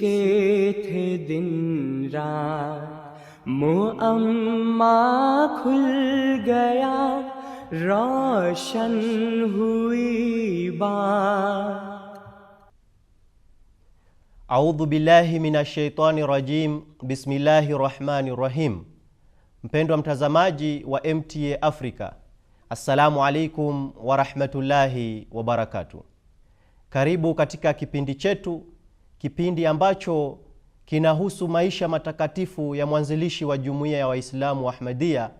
کے تھے دن थे दिन کھل گیا روشن ہوئی بات اعوذ باللہ من الشیطان الرجیم بسم اللہ الرحمن الرحیم Mpendwa mtazamaji wa MTA Africa Assalamu alaikum warahmatullahi wabarakatu. Karibu katika kipindi chetu, kipindi ambacho kinahusu maisha matakatifu ya mwanzilishi wa jumuiya ya Waislamu wa ahmadia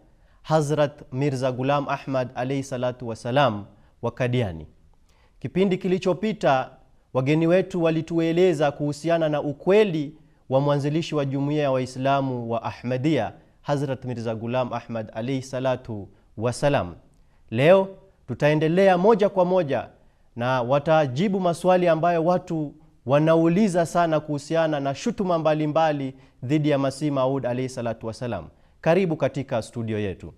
Hazrat Mirza Gulam Ahmad alaihi salatu wassalam wa Kadiani. Kipindi kilichopita wageni wetu walitueleza kuhusiana na ukweli wa mwanzilishi wa jumuiya ya Waislamu wa ahmadia Hazrat Mirza Gulam Ahmad alaihi salatu wassalam. Leo tutaendelea moja kwa moja na watajibu maswali ambayo watu wanauliza sana kuhusiana na shutuma mbalimbali dhidi ya Masihi Maud alaihi salatu wassalam. Karibu katika studio yetu.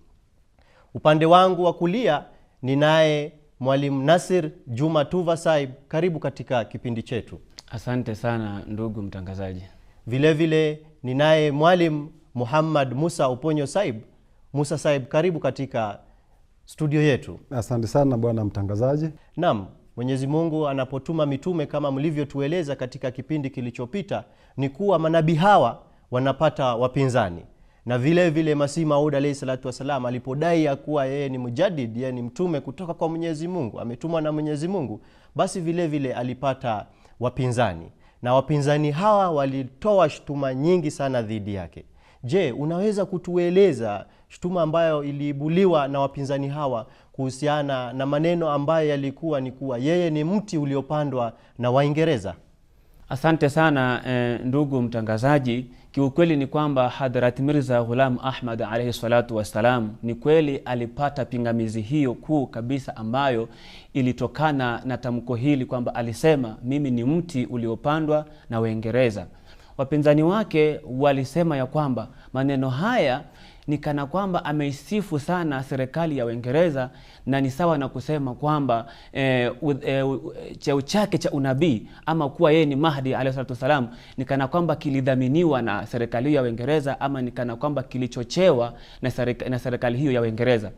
Upande wangu wa kulia ninaye Mwalimu Nasir Juma Tuva Saib, karibu katika kipindi chetu. Asante sana ndugu mtangazaji. Vilevile ninaye Mwalimu Muhammad Musa Uponyo Saib. Musa Saib, karibu katika studio yetu. Asante sana bwana mtangazaji. Naam, Mwenyezi Mungu anapotuma mitume kama mlivyotueleza katika kipindi kilichopita, ni kuwa manabii hawa wanapata wapinzani na vile vile Masihi Maud alaihi salatu wassalam alipodai ya kuwa yeye ni mujadid, yeye ni mtume kutoka kwa Mwenyezi Mungu, ametumwa na Mwenyezi Mungu, basi vile vile alipata wapinzani, na wapinzani hawa walitoa shutuma nyingi sana dhidi yake. Je, unaweza kutueleza shutuma ambayo iliibuliwa na wapinzani hawa kuhusiana na maneno ambayo yalikuwa ni kuwa yeye ni mti uliopandwa na Waingereza. Asante sana eh, ndugu mtangazaji. Kiukweli ni kwamba hadrat Mirza Ghulam Ahmad alaihi salatu wassalam, ni kweli alipata pingamizi hiyo kuu kabisa ambayo ilitokana na tamko hili kwamba alisema mimi ni mti uliopandwa na Waingereza. Wapinzani wake walisema ya kwamba maneno haya ni kana kwamba ameisifu sana serikali ya Uingereza na ni sawa na kusema kwamba eh, eh, cheo chake cha unabii ama kuwa yeye ni Mahdi alayhi salatu wasalam ni kana kwamba kilidhaminiwa na serikali hiyo ya Uingereza ama ni kana kwamba kilichochewa na serikali hiyo ya Uingereza.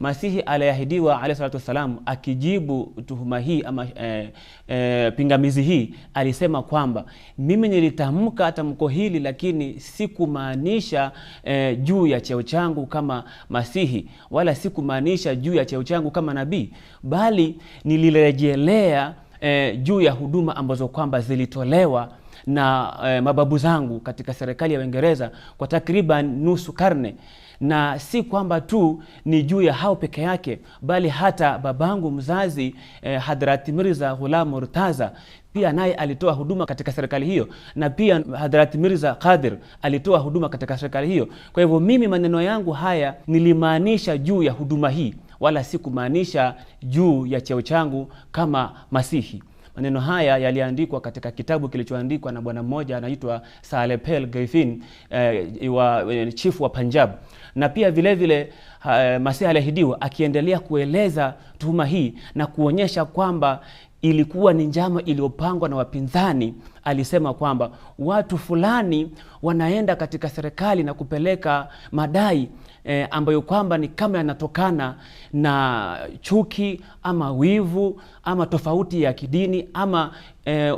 Masihi aliyeahidiwa alayhi salatu wassalam akijibu tuhuma hii ama eh, eh, pingamizi hii alisema kwamba mimi nilitamka tamko hili, lakini sikumaanisha eh, juu ya cheo changu kama Masihi, wala sikumaanisha juu ya cheo changu kama nabii, bali nilirejelea eh, juu ya huduma ambazo kwamba zilitolewa na e, mababu zangu katika serikali ya Uingereza kwa takriban nusu karne na si kwamba tu ni juu ya hao peke yake, bali hata babangu mzazi eh, hadrati Mirza Ghulam Murtaza pia naye alitoa huduma katika serikali hiyo, na pia Hadhrati Mirza Qadir alitoa huduma katika serikali hiyo. Kwa hivyo mimi maneno yangu haya nilimaanisha juu ya huduma hii, wala si kumaanisha juu ya cheo changu kama Masihi. Maneno haya yaliandikwa katika kitabu kilichoandikwa na bwana mmoja anaitwa Salepel Gaifin eh, wa eh, chifu wa Punjab, na pia vile vile eh, Masihi aliahidiwa akiendelea kueleza tuhuma hii na kuonyesha kwamba ilikuwa ni njama iliyopangwa na wapinzani. Alisema kwamba watu fulani wanaenda katika serikali na kupeleka madai eh, ambayo kwamba ni kama yanatokana na chuki ama wivu ama tofauti ya kidini ama eh,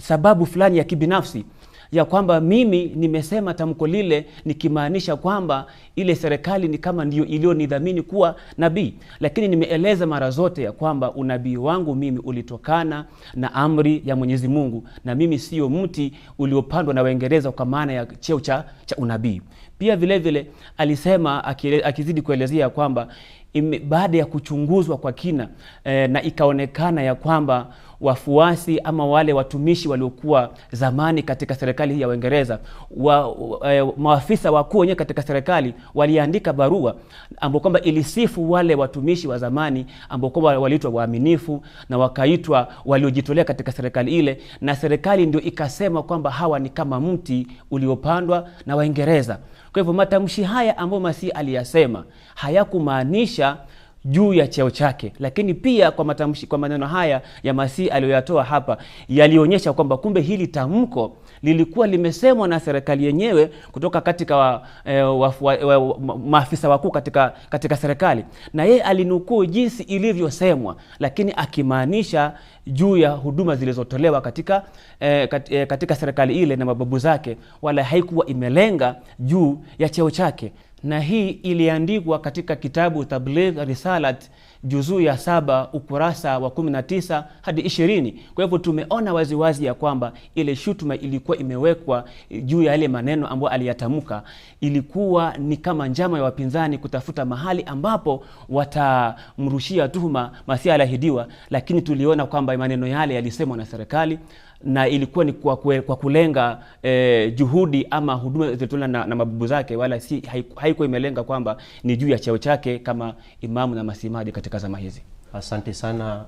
sababu fulani ya kibinafsi ya kwamba mimi nimesema tamko lile nikimaanisha kwamba ile serikali ni kama ndio iliyonidhamini kuwa nabii, lakini nimeeleza mara zote ya kwamba unabii wangu mimi ulitokana na amri ya Mwenyezi Mungu, na mimi sio mti uliopandwa na Waingereza kwa maana ya cheo cha, cha unabii. Pia vilevile vile, alisema akizidi kuelezea kwamba baada ya kuchunguzwa kwa kina e, na ikaonekana ya kwamba wafuasi ama wale watumishi waliokuwa zamani katika serikali hii ya Uingereza wa, wa, eh, e, maafisa wakuu wenyewe katika serikali waliandika barua ambao kwamba ilisifu wale watumishi wa zamani ambao kwamba waliitwa waaminifu na wakaitwa waliojitolea katika serikali ile, na serikali ndio ikasema kwamba hawa ni kama mti uliopandwa na Waingereza kwa hivyo matamshi haya ambayo Masihi aliyasema hayakumaanisha juu ya cheo chake, lakini pia kwa matamshi, kwa maneno haya ya Masihi aliyoyatoa hapa yalionyesha kwamba kumbe hili tamko lilikuwa limesemwa na serikali yenyewe kutoka katika wa, e, eh, wa, wa, wa, maafisa wakuu katika, katika serikali, na yeye alinukuu jinsi ilivyosemwa, lakini akimaanisha juu ya huduma zilizotolewa katika, e, kat, e, katika serikali ile na mababu zake, wala haikuwa imelenga juu ya cheo chake na hii iliandikwa katika kitabu Tabligh Risalat juzuu ya saba ukurasa wa 19 hadi ishirini. Kwa hivyo tumeona waziwazi wazi ya kwamba ile shutuma ilikuwa imewekwa juu ya yale maneno ambayo aliyatamka, ilikuwa ni kama njama ya wapinzani kutafuta mahali ambapo watamrushia tuhuma masia alahidiwa lakini tuliona kwamba maneno yale yalisemwa na serikali na ilikuwa ni kwa, kwe, kwa kulenga eh, juhudi ama huduma zilitolewa na, na mabubu zake, wala si haikuwa imelenga kwamba ni juu ya cheo chake kama imamu na masimadi katika zama hizi. Asante sana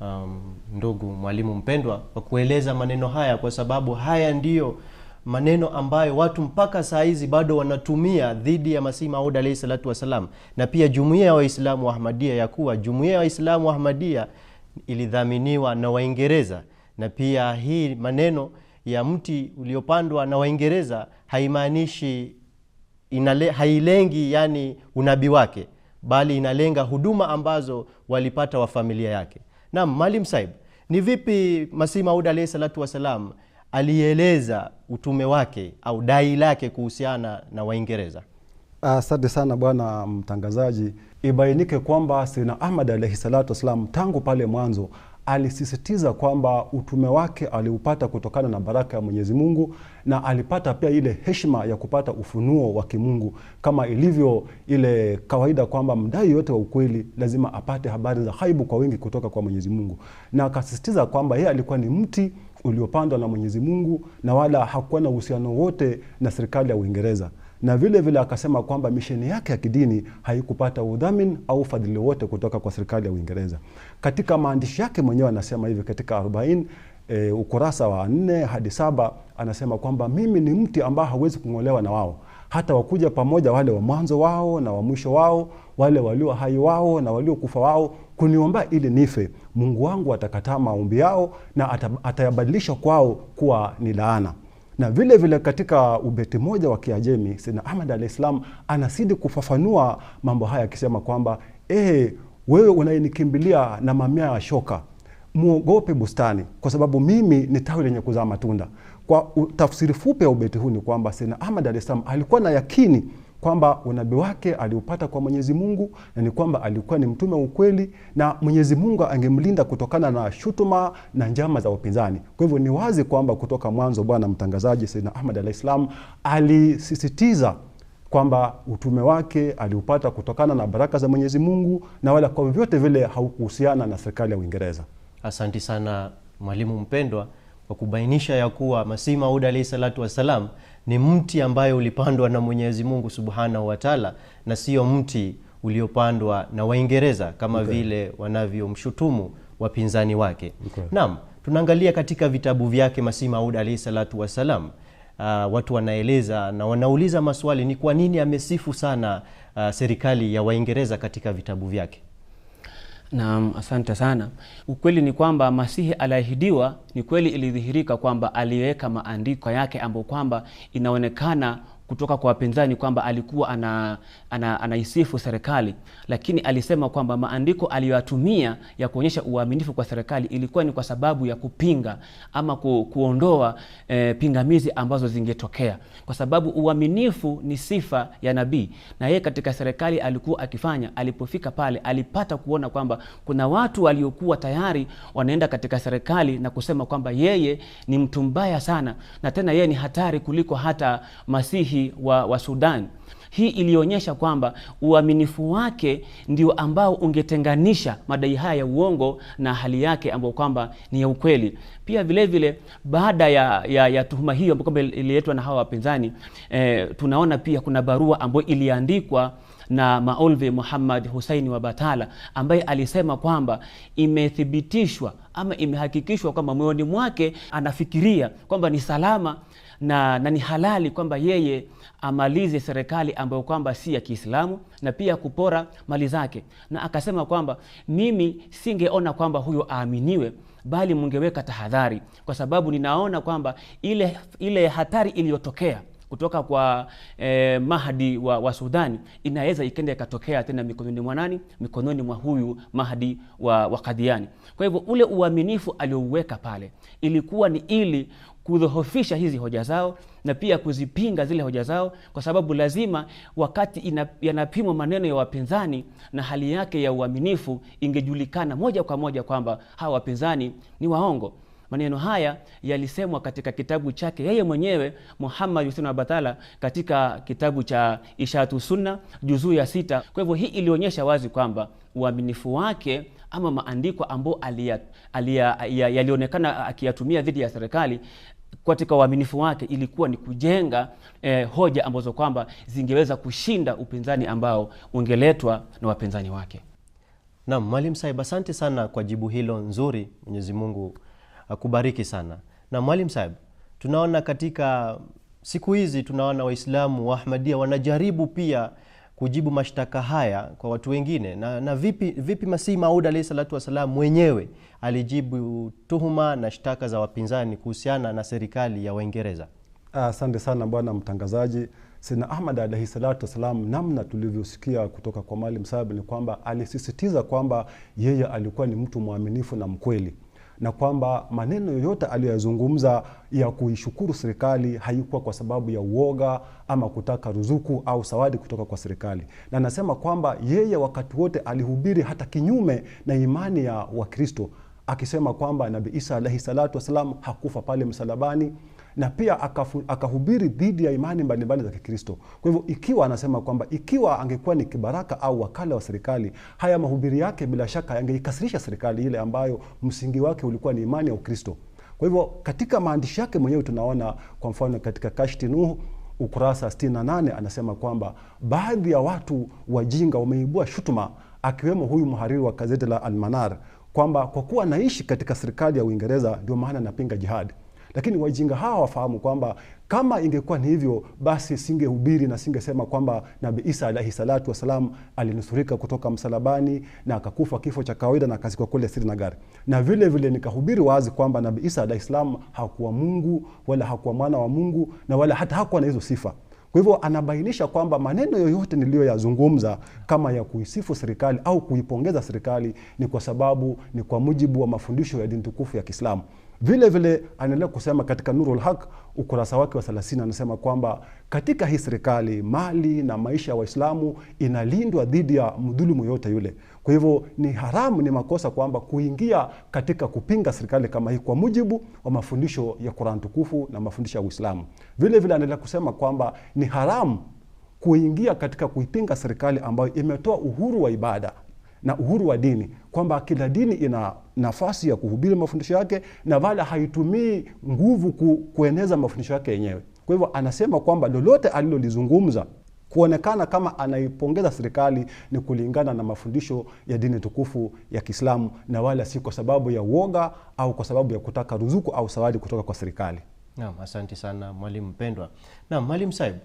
um, ndugu mwalimu mpendwa kwa kueleza maneno haya, kwa sababu haya ndiyo maneno ambayo watu mpaka saa hizi bado wanatumia dhidi ya Masihi Maud alayhi salatu wassalam, na pia jumuiya ya Waislamu wa Ahmadia, ya kuwa jumuiya ya Waislamu wa Ahmadia ilidhaminiwa na Waingereza na pia hii maneno ya mti uliopandwa na Waingereza haimaanishi hailengi yani unabii wake, bali inalenga huduma ambazo walipata wa familia yake. nam malim Saib, ni vipi Masihi Maud alayhi salatu wassalam alieleza utume wake au dai lake kuhusiana na Waingereza? Asante sana bwana mtangazaji. Ibainike kwamba Sina Ahmad alaihi salatu wassalam tangu pale mwanzo alisisitiza kwamba utume wake aliupata kutokana na baraka ya Mwenyezi Mungu na alipata pia ile heshima ya kupata ufunuo wa kimungu, kama ilivyo ile kawaida kwamba mdai yote wa ukweli lazima apate habari za haibu kwa wingi kutoka kwa Mwenyezi Mungu, na akasisitiza kwamba yeye alikuwa ni mti uliopandwa na Mwenyezi Mungu na wala hakuwa na uhusiano wote na serikali ya Uingereza na vile vile akasema kwamba misheni yake ya kidini haikupata udhamini au fadhili wote kutoka kwa serikali ya Uingereza. Katika maandishi yake mwenyewe anasema hivi katika 40 e, ukurasa wa nne hadi saba anasema kwamba mimi ni mti ambao hawezi kung'olewa na wao hata wakuja pamoja wale wa mwanzo wao na wa mwisho wao, wale walio hai wao na kufa wao, kuniomba ili nife, Mungu wangu atakataa maombi yao na atayabadilisha kwao kuwa ni laana. Na vile vile katika ubeti moja wa Kiajemi, sina Ahmad alaihis anasidi anazidi kufafanua mambo haya akisema kwamba eh, wewe unayenikimbilia na mamia ya shoka muogope bustani, kwa sababu mimi ni tawi lenye kuzaa matunda. Kwa tafsiri fupi ya ubeti huu ni kwamba sina Ahmad alaihis alikuwa na yakini kwamba unabii wake aliupata kwa Mwenyezi Mungu na ni kwamba alikuwa ni mtume ukweli, na Mwenyezi Mungu angemlinda kutokana na shutuma na njama za upinzani. Kwa hivyo ni wazi kwamba kutoka mwanzo bwana mtangazaji Sayyidina Ahmad alah salam alisisitiza kwamba utume wake aliupata kutokana na baraka za Mwenyezi Mungu na wala kwa vyovyote vile haukuhusiana na serikali ya Uingereza. Asanti sana mwalimu mpendwa kwa kubainisha ya kuwa Masihi Maud alahi salatu wassalam ni mti ambayo ulipandwa na Mwenyezi Mungu Subhanahu wa Ta'ala, na sio mti uliopandwa na Waingereza kama okay. vile wanavyomshutumu wapinzani wake okay. Naam, tunaangalia katika vitabu vyake Masih Maud alayhi salatu wassalam. Uh, watu wanaeleza na wanauliza maswali, ni kwa nini amesifu sana uh, serikali ya Waingereza katika vitabu vyake? Naam, asante sana. Ukweli ni kwamba Masihi aliahidiwa, ni kweli ilidhihirika kwamba aliweka maandiko yake ambayo kwamba inaonekana kutoka kwa wapinzani kwamba alikuwa ana, ana, anaisifu serikali, lakini alisema kwamba maandiko aliyoyatumia ya kuonyesha uaminifu kwa serikali ilikuwa ni kwa sababu ya kupinga ama ku, kuondoa e, pingamizi ambazo zingetokea, kwa sababu uaminifu ni sifa ya nabii, na yeye katika serikali alikuwa akifanya. Alipofika pale, alipata kuona kwamba kuna watu waliokuwa tayari wanaenda katika serikali na kusema kwamba yeye ni mtu mbaya sana, na tena yeye ni hatari kuliko hata Masihi wananchi wa, wa Sudan. Hii ilionyesha kwamba uaminifu wake ndio ambao ungetenganisha madai haya ya uongo na hali yake ambayo kwamba ni ya ukweli. Pia vile vile baada ya, ya, ya tuhuma hiyo ambayo kwamba ililetwa na hawa wapinzani eh, tunaona pia kuna barua ambayo iliandikwa na Maulvi Muhammad Husaini wa Batala ambaye alisema kwamba imethibitishwa ama imehakikishwa kwamba moyoni mwake anafikiria kwamba ni salama na, na ni halali kwamba yeye amalize serikali ambayo kwamba si ya Kiislamu na pia kupora mali zake, na akasema kwamba mimi singeona kwamba huyo aaminiwe bali mungeweka tahadhari, kwa sababu ninaona kwamba ile, ile hatari iliyotokea kutoka kwa eh, Mahdi wa, wa Sudani inaweza ikenda ikatokea tena mikononi mwa nani? Mikononi mwa huyu Mahdi wa, wa Kadiani. Kwa hivyo ule uaminifu aliouweka pale ilikuwa ni ili kudhohofisha hizi hoja zao na pia kuzipinga zile hoja zao, kwa sababu lazima wakati yanapimwa maneno ya wapinzani na hali yake ya uaminifu, ingejulikana moja kwa moja kwamba hawa wapinzani ni waongo. Maneno haya yalisemwa katika kitabu chake yeye mwenyewe Muhammad Hussein Abatala katika kitabu cha Ishatu Sunna juzuu ya sita. Kwa hivyo hii ilionyesha wazi kwamba uaminifu wake ama maandiko ambayo yalionekana akiyatumia dhidi ya serikali katika uaminifu wake ilikuwa ni kujenga eh, hoja ambazo kwamba zingeweza kushinda upinzani ambao ungeletwa na wapinzani wake. Naam, Mwalimu Saib, asante sana kwa jibu hilo nzuri. Mwenyezi Mungu akubariki sana. Na Mwalimu Saib, tunaona katika siku hizi tunaona Waislamu wa Ahmadia wanajaribu pia kujibu mashtaka haya kwa watu wengine na, na vipi, vipi Masihi Maud alahi salatu wassalam mwenyewe alijibu tuhuma na shtaka za wapinzani kuhusiana na serikali ya Waingereza? Asante sana bwana mtangazaji. sina Ahmad alaihi salatu wassalam, namna tulivyosikia kutoka kwa mali msabi ni kwamba alisisitiza kwamba yeye alikuwa ni mtu mwaminifu na mkweli na kwamba maneno yoyote aliyoyazungumza ya kuishukuru serikali haikuwa kwa sababu ya uoga ama kutaka ruzuku au sawadi kutoka kwa serikali, na anasema kwamba yeye wakati wote alihubiri hata kinyume na imani ya Wakristo, akisema kwamba Nabii Isa alaihi salatu wassalam hakufa pale msalabani na pia akahubiri dhidi ya imani mbalimbali za Kikristo. Kwa hivyo ikiwa anasema kwamba ikiwa angekuwa ni kibaraka au wakala wa serikali, haya mahubiri yake bila shaka yangeikasirisha serikali ile ambayo msingi wake ulikuwa ni imani ya Ukristo. Kwa hivyo katika maandishi yake mwenyewe tunaona kwa mfano katika Kashti ukurasa 68 anasema kwamba baadhi ya watu wajinga wameibua shutuma, akiwemo huyu mhariri wa gazeti la Almanar kwamba kwa kuwa anaishi katika serikali ya Uingereza ndio maana anapinga jihadi. Lakini wajinga hawa wafahamu kwamba kama ingekuwa ni hivyo, basi singehubiri na singesema kwamba nabi Isa alaihi salatu wassalam alinusurika kutoka msalabani na akakufa kifo cha kawaida na akazikwa kule siri na vile vile nikahubiri wazi kwamba nabi Isa alahi salam hakuwa Mungu wala hakuwa mwana wa Mungu na wala hata hakuwa na hizo sifa. Kwa hivyo anabainisha kwamba maneno yoyote niliyoyazungumza kama ya kuisifu serikali au kuipongeza serikali ni kwa sababu ni kwa mujibu wa mafundisho ya dini tukufu ya Kiislamu. Vile vile anaendelea kusema katika Nurul Haq ukurasa wake wa 30 anasema kwamba katika hii serikali mali na maisha ya wa Waislamu inalindwa dhidi ya mdhulumu yote yule. Kwa hivyo ni haramu, ni makosa kwamba kuingia katika kupinga serikali kama hii kwa mujibu wa mafundisho ya Qur'an tukufu na mafundisho ya Uislamu. Vile vile anaendelea kusema kwamba ni haramu kuingia katika kuipinga serikali ambayo imetoa uhuru wa ibada na uhuru wa dini, kwamba kila dini ina nafasi ya kuhubiri mafundisho yake na wala haitumii nguvu ku, kueneza mafundisho yake yenyewe. Kwa hivyo anasema kwamba lolote alilolizungumza kuonekana kama anaipongeza serikali ni kulingana na mafundisho ya dini tukufu ya Kiislamu na wala si kwa sababu ya uoga au kwa sababu ya kutaka ruzuku au sawadi kutoka kwa serikali. Naam, asante sana mwalimu mpendwa. Naam, mwalimu Saib,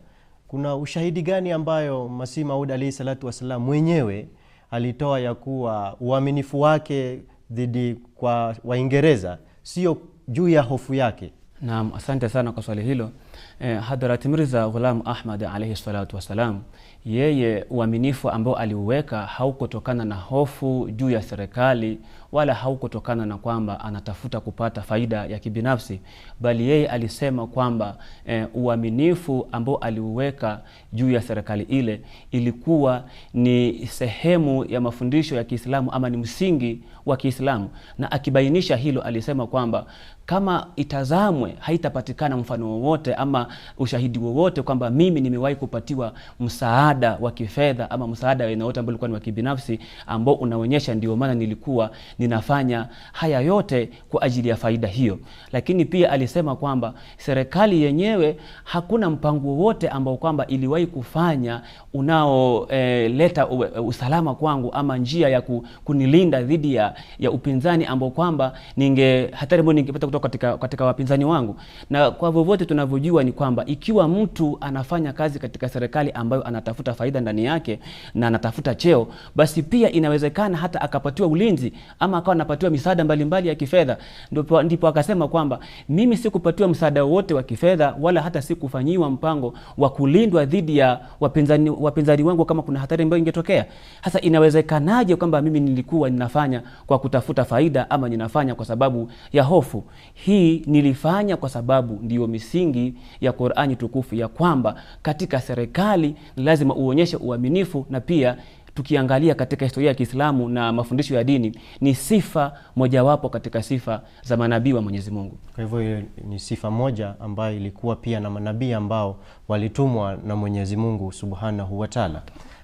kuna ushahidi gani ambayo Masihi Maud alahi salatu wassalam mwenyewe alitoa ya kuwa uaminifu wake dhidi kwa Waingereza sio juu ya hofu yake. Naam, asante sana kwa swali hilo. Eh, Hadrat Mirza Ghulam Ahmad alaihi salatu wassalam yeye uaminifu ambao aliuweka haukutokana na hofu juu ya serikali wala haukutokana na kwamba anatafuta kupata faida ya kibinafsi, bali yeye alisema kwamba e, uaminifu ambao aliuweka juu ya serikali ile ilikuwa ni sehemu ya mafundisho ya Kiislamu ama ni msingi wa Kiislamu, na akibainisha hilo alisema kwamba kama itazamwe haitapatikana mfano wowote ama ushahidi wowote kwamba mimi nimewahi kupatiwa msaada wa kifedha ama msaada wa aina ambao ulikuwa ni wa kibinafsi ambao unaonyesha ndio maana nilikuwa ninafanya haya yote kwa ajili ya faida hiyo. Lakini pia alisema kwamba serikali yenyewe hakuna mpango wowote ambao kwamba iliwahi kufanya unaoleta eh, e, usalama kwangu ama njia ya kunilinda dhidi ya, ya upinzani ambao kwamba ninge hatari ambao kutoka katika, katika wapinzani wangu. Na kwa vyovyote tunavyojua ni kwamba ikiwa mtu anafanya kazi katika serikali ambayo anatafuta faida ndani yake na anatafuta cheo, basi pia inawezekana hata akapatiwa ulinzi ama akawa anapatiwa misaada mbalimbali ya kifedha. Ndipo, ndipo akasema kwamba mimi sikupatiwa msaada wowote wa kifedha wala hata sikufanyiwa mpango wa kulindwa dhidi ya wapinzani, wapinzani wangu kama kuna hatari ambayo ingetokea. Sasa inawezekanaje kwamba mimi nilikuwa ninafanya kwa kutafuta faida ama ninafanya kwa sababu ya hofu? Hii nilifanya kwa sababu ndiyo misingi ya Qur'ani tukufu ya kwamba katika serikali lazima uonyeshe uaminifu na pia tukiangalia katika historia ya Kiislamu na mafundisho ya dini ni sifa mojawapo katika sifa za manabii wa Mwenyezi Mungu. Kwa hivyo hiyo ni sifa moja ambayo ilikuwa pia na manabii ambao walitumwa na Mwenyezi Mungu Subhanahu wa Ta'ala.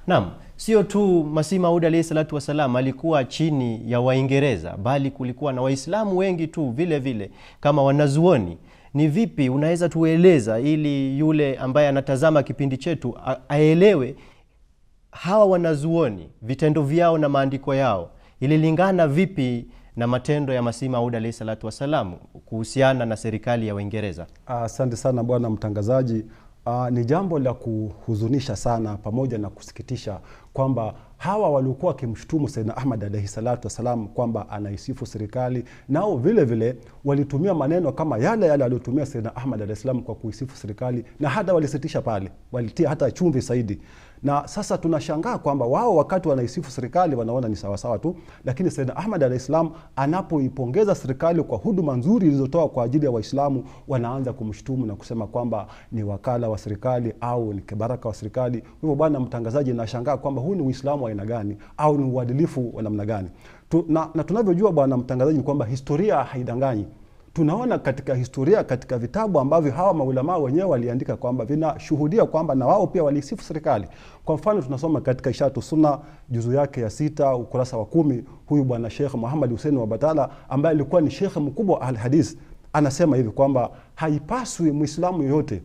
Naam. Sio tu Masih Maud alayhi salatu wassalam alikuwa chini ya Waingereza, bali kulikuwa na Waislamu wengi tu vile vile kama wanazuoni. Ni vipi unaweza tueleza, ili yule ambaye anatazama kipindi chetu aelewe hawa wanazuoni, vitendo vyao na maandiko yao ililingana vipi na matendo ya Masih Maud alayhi salatu wassalam kuhusiana na serikali ya waingereza Asante sana bwana mtangazaji. Uh, ni jambo la kuhuzunisha sana pamoja na kusikitisha kwamba hawa waliokuwa wakimshutumu Saidna Ahmad alaihi salatu wassalam kwamba anaisifu serikali, nao vile vile walitumia maneno kama yale yale aliyotumia Saidna Ahmad alaihi salam kwa kuisifu serikali, na hata walisitisha pale, walitia hata chumvi zaidi. Na sasa tunashangaa kwamba wao wakati wanaisifu serikali wanaona ni sawasawa tu, lakini saidna Ahmad alahissalam anapoipongeza serikali kwa huduma nzuri ilizotoa kwa ajili ya Waislamu, wanaanza kumshutumu na kusema kwamba ni wakala wa serikali au ni kibaraka wa serikali. Hivyo bwana mtangazaji, nashangaa kwamba huu ni Uislamu wa aina gani au ni uadilifu wa namna gani? Tu, na, na tunavyojua bwana mtangazaji ni kwamba historia haidanganyi tunaona katika historia, katika vitabu ambavyo hawa maulamaa wenyewe waliandika kwamba vinashuhudia kwamba na wao pia walisifu serikali. Kwa mfano tunasoma katika Ishatu suna juzu yake ya sita ukurasa wa kumi, huyu bwana Sheikh muhamad Hussein wa Batala ambaye alikuwa ni shekhe mkubwa wa Alhadis anasema hivi kwamba haipaswi Mwislamu yoyote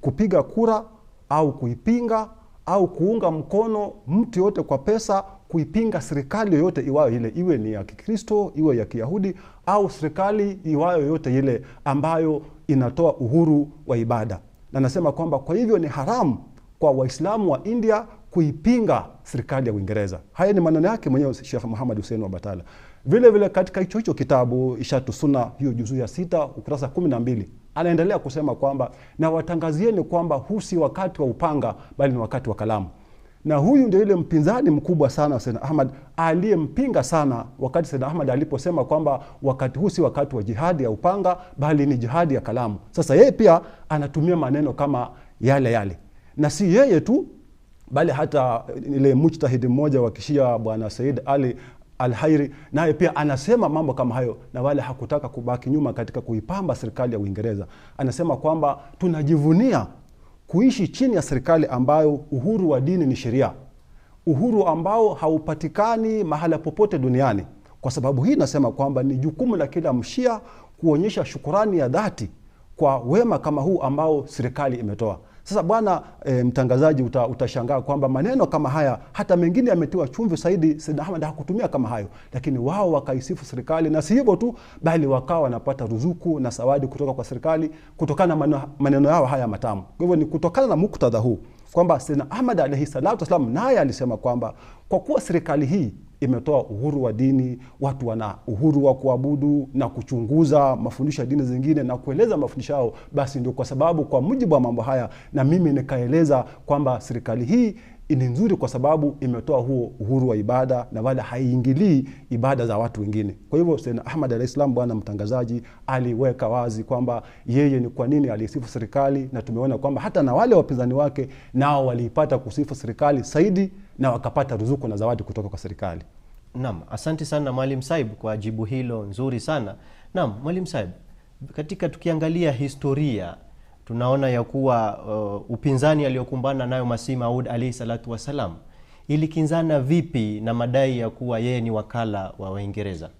kupiga kura au kuipinga au kuunga mkono mtu yoyote kwa pesa kuipinga serikali yoyote iwayo ile, iwe ni ya Kikristo, iwe ya Kiyahudi au serikali iwayo yote ile ambayo inatoa uhuru wa ibada, na nasema kwamba kwa hivyo ni haramu kwa Waislamu wa India kuipinga serikali ya Uingereza. Haya ni maneno yake mwenyewe Sheikh Muhammad Hussein Wabatala. Vile vile katika hicho hicho kitabu Ishatu Sunna, hiyo juzuu ya sita ukurasa kumi na mbili anaendelea kusema kwamba na watangazieni kwamba huu si wakati wa upanga, bali ni wakati wa kalamu na huyu ndio ile mpinzani mkubwa sana wa Sayyidna Ahmad aliyempinga sana wakati Sayyidna Ahmad aliposema kwamba wakati huu si wakati wa jihadi ya upanga bali ni jihadi ya kalamu. Sasa yeye pia anatumia maneno kama yale yale, na si yeye tu bali hata ile mujtahidi mmoja wa Kishia bwana Said Ali Alhairi naye pia anasema mambo kama hayo, na wale hakutaka kubaki nyuma katika kuipamba serikali ya Uingereza. Anasema kwamba tunajivunia kuishi chini ya serikali ambayo uhuru wa dini ni sheria, uhuru ambao haupatikani mahala popote duniani. Kwa sababu hii nasema kwamba ni jukumu la kila mshia kuonyesha shukurani ya dhati kwa wema kama huu ambao serikali imetoa. Sasa bwana e, mtangazaji uta, utashangaa kwamba maneno kama haya hata mengine yametiwa chumvi. Saidi Said Ahmed hakutumia kama hayo, lakini wao wakaisifu serikali, na si hivyo tu, bali wakawa wanapata ruzuku na sawadi kutoka kwa serikali kutokana na maneno yao haya matamu. Kwa hivyo ni kutokana na muktadha huu kwamba sna Ahmad alaihi salatu wassalam naye alisema kwamba kwa kuwa serikali hii imetoa uhuru wa dini, watu wana uhuru wa kuabudu na kuchunguza mafundisho ya dini zingine na kueleza mafundisho yao, basi ndio kwa sababu, kwa mujibu wa mambo haya, na mimi nikaeleza kwamba serikali hii ni nzuri kwa sababu imetoa huo uhuru wa ibada na wala haiingilii ibada za watu wengine. Kwa hivyo Sayyidna Ahmad alah salam, bwana mtangazaji, aliweka wazi kwamba yeye ni kwa nini alisifu serikali, na tumeona kwamba hata na wale wapinzani wake nao waliipata kusifu serikali zaidi na wakapata ruzuku na zawadi kutoka kwa serikali. nam asante sana mwalim Saib kwa jibu hilo nzuri sana. nam mwalim Saib, katika tukiangalia historia tunaona ya kuwa uh, upinzani aliyokumbana nayo masihi Maud alaihi salatu wassalam ilikinzana vipi na madai ya kuwa yeye ni wakala wa Waingereza?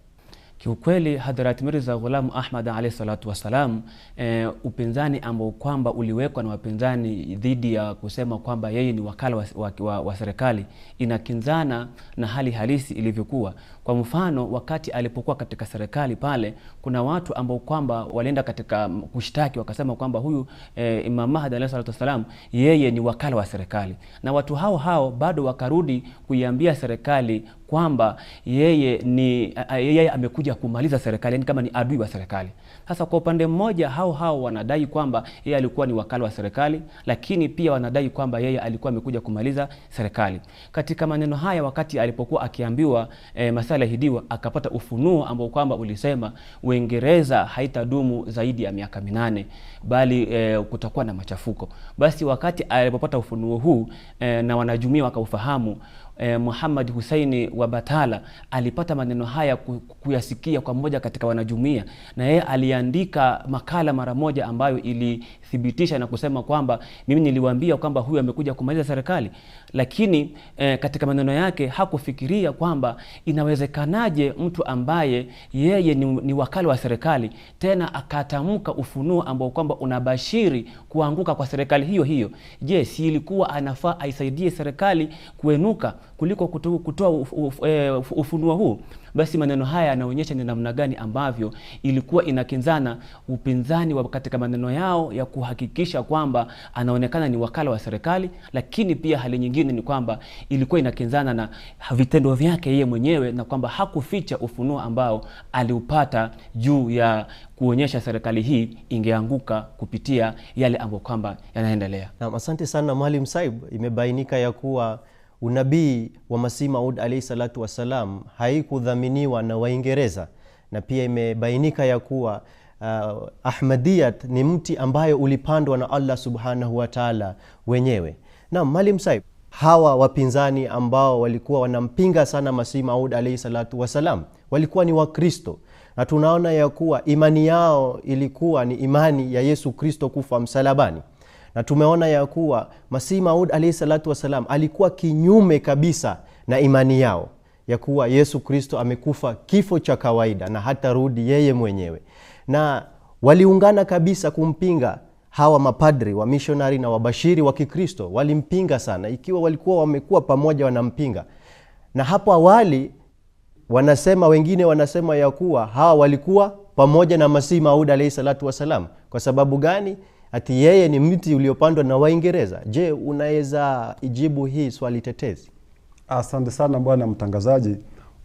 Kiukweli hadrat Mirza Ghulam Ahmad alayhi salatu wassalam, e, upinzani ambao kwamba uliwekwa na wapinzani dhidi ya kusema kwamba yeye ni wakala wa, wa, wa, wa serikali inakinzana na hali halisi ilivyokuwa. Kwa mfano, wakati alipokuwa katika serikali pale, kuna watu ambao kwamba walienda katika kushtaki wakasema kwamba huyu e, Imam Mahdi alayhi salatu wasalam yeye ni wakala wa serikali, na watu hao hao bado wakarudi kuiambia serikali kwamba yeye ni yeye amekuja kumaliza serikali, yani kama ni adui wa serikali. Sasa kwa upande mmoja, hao hao wanadai kwamba yeye alikuwa ni wakala wa serikali, lakini pia wanadai kwamba yeye alikuwa amekuja kumaliza serikali. Katika maneno haya, wakati alipokuwa akiambiwa e, eh, Masaa aliahidiwa, akapata ufunuo ambao kwamba ulisema Uingereza haitadumu zaidi ya miaka minane, bali e, kutakuwa na machafuko. Basi wakati alipopata ufunuo huu e, na wanajumia wakaufahamu eh, Muhammad Husaini wa Batala alipata maneno haya kuyasikia kwa mmoja katika wanajumuia, na yeye aliandika makala mara moja ambayo ili kuthibitisha na kusema kwamba mimi niliwaambia kwamba huyu amekuja kumaliza serikali, lakini eh, katika maneno yake hakufikiria kwamba inawezekanaje mtu ambaye yeye ni, ni wakala wa serikali tena akatamka ufunuo ambao kwamba unabashiri kuanguka kwa serikali hiyo hiyo. Je, si ilikuwa anafaa aisaidie serikali kuenuka kuliko kutoa uf, uf, uf, eh, ufunuo huu? Basi maneno haya yanaonyesha ni namna gani ambavyo ilikuwa inakinzana upinzani wa katika maneno yao ya ku kuhakikisha kwamba anaonekana ni wakala wa serikali, lakini pia hali nyingine ni kwamba ilikuwa inakinzana na vitendo vyake yeye mwenyewe, na kwamba hakuficha ufunuo ambao aliupata juu ya kuonyesha serikali hii ingeanguka kupitia yale ambayo kwamba yanaendelea. Na asante sana Mwalimu Saib. Imebainika ya kuwa unabii wa Masihi Maud alaihi salatu wassalam haikudhaminiwa na Waingereza, na pia imebainika ya kuwa uh, Ahmadiyat ni mti ambayo ulipandwa na Allah subhanahu wa taala wenyewe. Naam, malim Saib, hawa wapinzani ambao walikuwa wanampinga sana Masihi Maud alaihi salatu wassalam walikuwa ni Wakristo na tunaona ya kuwa imani yao ilikuwa ni imani ya Yesu Kristo kufa msalabani, na tumeona ya kuwa Masihi Maud alaihi salatu wassalam alikuwa kinyume kabisa na imani yao ya kuwa Yesu Kristo amekufa kifo cha kawaida na hata rudi yeye mwenyewe na waliungana kabisa kumpinga hawa mapadri wa mishonari na wabashiri wa Kikristo walimpinga sana, ikiwa walikuwa wamekuwa pamoja wanampinga. Na hapo awali wanasema wengine wanasema ya kuwa hawa walikuwa pamoja na Masihi Maud alahi salatu wassalam Kwa sababu gani? Ati yeye ni mti uliopandwa na Waingereza. Je, unaweza ijibu hii swali tetezi? Asante sana bwana mtangazaji.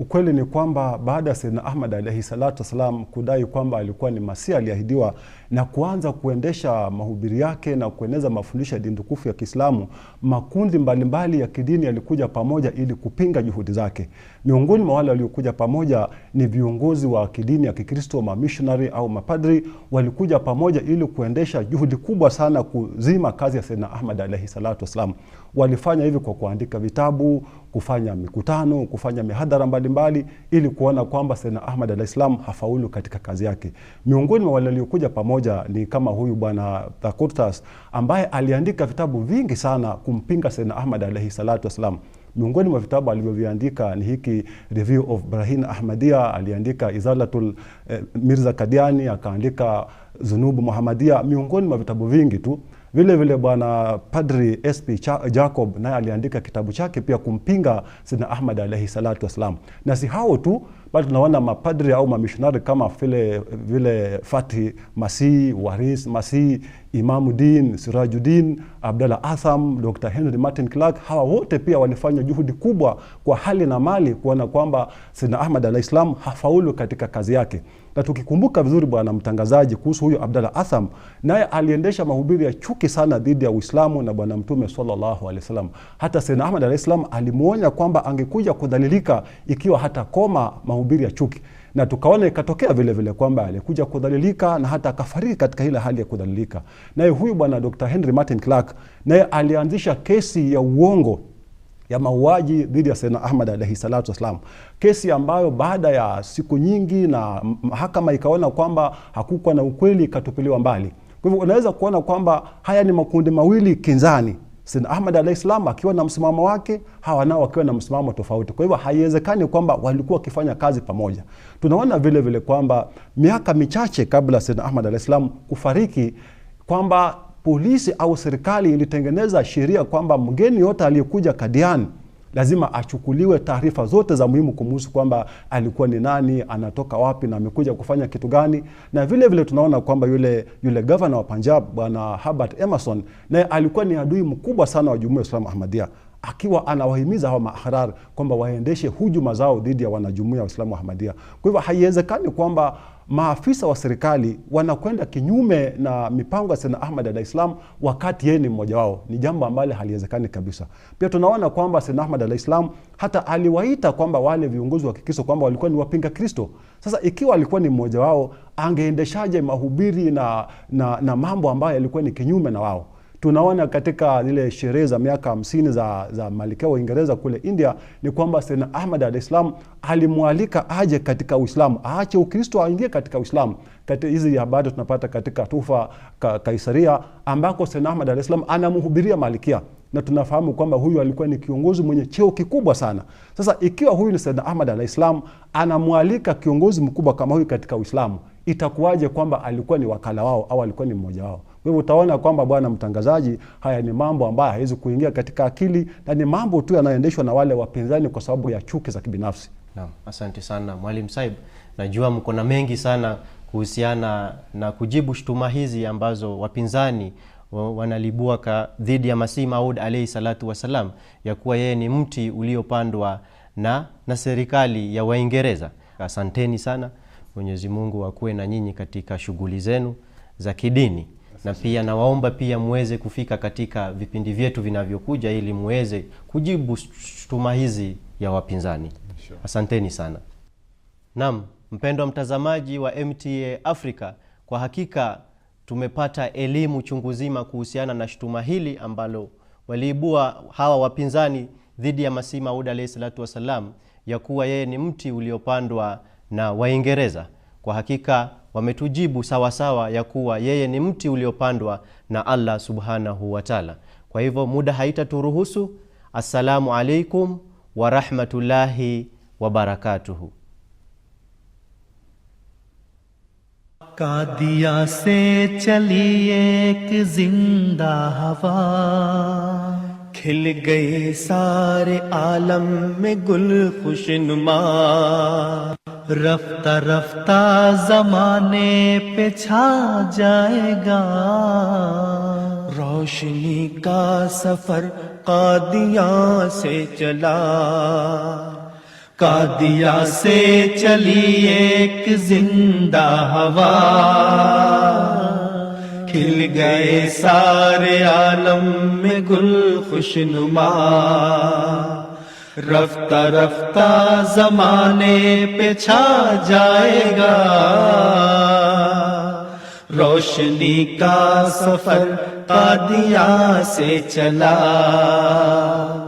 Ukweli ni kwamba baada ya Sayyidina Ahmad alaihi salatu wassalam kudai kwamba alikuwa ni Masihi aliahidiwa na kuanza kuendesha mahubiri yake na kueneza mafundisho ya dini tukufu ya Kiislamu, makundi mbalimbali mbali ya kidini yalikuja pamoja ili kupinga juhudi zake. Miongoni mwa wale waliokuja pamoja ni viongozi wa kidini ya Kikristo, mamishonari au mapadri, walikuja pamoja ili kuendesha juhudi kubwa sana kuzima kazi ya Sayyidina Ahmad alaihi salatu wassalam. Walifanya hivi kwa kuandika vitabu, kufanya mikutano, kufanya mihadhara mbalimbali ili kuona kwamba Sayyidina Ahmad alaihi salam hafaulu katika kazi yake. Miongoni mwa wale waliokuja pamoja mmoja ni kama huyu bwana thakurtas ambaye aliandika vitabu vingi sana kumpinga Sayyidina Ahmad alayhi salatu wasalam. Miongoni mwa vitabu alivyoviandika ni hiki Review of Brahin Ahmadia, aliandika Izalatul eh, Mirza Kadiani, akaandika Zunubu Muhammadia, miongoni mwa vitabu vingi tu. Vile vile bwana Padri SP Jacob naye aliandika kitabu chake pia kumpinga Sayyidina Ahmad alayhi salatu wasalam, na si hao tu bali tunaona mapadri au mamishonari kama vile, vile Fati Masihi, Waris Masihi Imamu Din, Sirajuddin, Abdalla Atham, Dr. Henry Martin Clark, hawa wote pia walifanya juhudi kubwa kwa hali na mali kuona kwamba Sidna Ahmad alahislam hafaulu katika kazi yake. Na tukikumbuka vizuri, bwana mtangazaji, kuhusu huyo Abdalla Atham, naye aliendesha mahubiri ya chuki sana dhidi ya Uislamu na Bwana Mtume sallallahu alaihi wasallam. Hata Sidna Ahmad alahislam alimuonya kwamba angekuja kudhalilika ikiwa hata koma mahubiri ya chuki na tukaona ikatokea vile vile kwamba alikuja kudhalilika na hata akafariki katika ile hali ya kudhalilika. Naye huyu bwana Dr. Henry Martin Clark naye alianzisha kesi ya uongo ya mauaji dhidi ya sena Ahmad alaihi salatu wassalam, kesi ambayo baada ya siku nyingi na mahakama ikaona kwamba hakukwa na ukweli, ikatupiliwa mbali. Kwa hivyo unaweza kuona kwamba haya ni makundi mawili kinzani. Sina Ahmad alaihis salam akiwa na msimamo wake, hawa nao wakiwa na msimamo tofauti. Kwa hivyo haiwezekani kwamba walikuwa wakifanya kazi pamoja. Tunaona vile vile kwamba miaka michache kabla Sina Ahmad alaihis salam kufariki kwamba polisi au serikali ilitengeneza sheria kwamba mgeni yote aliyekuja Kadiani lazima achukuliwe taarifa zote za muhimu kumhusu, kwamba alikuwa ni nani, anatoka wapi na amekuja kufanya kitu gani. Na vile vile tunaona kwamba yule, yule gavana wa Punjab bwana Herbert Emerson naye alikuwa ni adui mkubwa sana wa jumuiya Islamu ahmadia akiwa anawahimiza hawa maharar kwamba waendeshe hujuma zao dhidi ya wanajumuiya wa Islamu ahmadia Kwa hivyo haiwezekani kwamba maafisa wa serikali wanakwenda kinyume na mipango ya sena Ahmad islam wakati yeye ni mmoja wao, ni jambo ambalo haliwezekani kabisa. Pia tunaona kwamba Sayyidna Ahmad alahislam hata aliwaita kwamba wale viongozi wa Kikristo kwamba walikuwa ni wapinga Kristo. Sasa ikiwa alikuwa ni mmoja wao, angeendeshaje mahubiri na, na, na mambo ambayo yalikuwa ni kinyume na wao? Tunaona katika zile sherehe za miaka hamsini za, za malikia wa Uingereza kule India ni kwamba sena Ahmad alaihis salam alimwalika aje katika Uislamu, aache Ukristo aingie katika Uislamu. Hizi habari tunapata katika Tufa ka, Kaisaria ambako sena Ahmad alaihis salam anamhubiria malikia na tunafahamu kwamba huyu alikuwa ni kiongozi mwenye cheo kikubwa sana. Sasa ikiwa huyu ni sena Ahmad alahissalam anamwalika kiongozi mkubwa kama huyu katika Uislamu, itakuwaje kwamba alikuwa ni wakala wao au alikuwa ni mmoja wao? Kwa utaona kwamba bwana mtangazaji, haya ni mambo ambayo hawezi kuingia katika akili na ni mambo tu yanayoendeshwa na wale wapinzani kwa sababu ya chuki za kibinafsi. Naam, asante sana Mwalimu Saib, najua mko na mengi sana kuhusiana na kujibu shutuma hizi ambazo wapinzani ka dhidi ya Masih Maud alaihi salatu wassalam, ya kuwa yeye ni mti uliopandwa na, na serikali ya Waingereza. Asanteni sana. Mwenyezi Mungu akuwe na nyinyi katika shughuli zenu za kidini na pia nawaomba pia muweze kufika katika vipindi vyetu vinavyokuja ili muweze kujibu shutuma hizi ya wapinzani. Asanteni sana. nam mpendwa mtazamaji wa MTA Africa, kwa hakika tumepata elimu chungu zima kuhusiana na shutuma hili ambalo waliibua hawa wapinzani dhidi ya Masihi Maud alayhi salatu wassalam, ya kuwa yeye ni mti uliopandwa na Waingereza. Kwa hakika wametujibu sawasawa ya kuwa yeye ni mti uliopandwa na Allah subhanahu wataala Kwa hivyo muda haitaturuhusu. Assalamu alaikum warahmatullahi wabarakatuhu. Qadian से चली एक जिंदा हवा खिल गए सारे आलम में गुल खुशनुमा رفتہ رفتہ زمانے پہ چھا جائے گا روشنی کا سفر قادیاں سے چلا قادیا سے چلی ایک زندہ ہوا کھل گئے سارے عالم میں گل خوش نما رفتہ رفتہ زمانے پہ چھا جائے گا روشنی کا سفر قادیہ سے چلا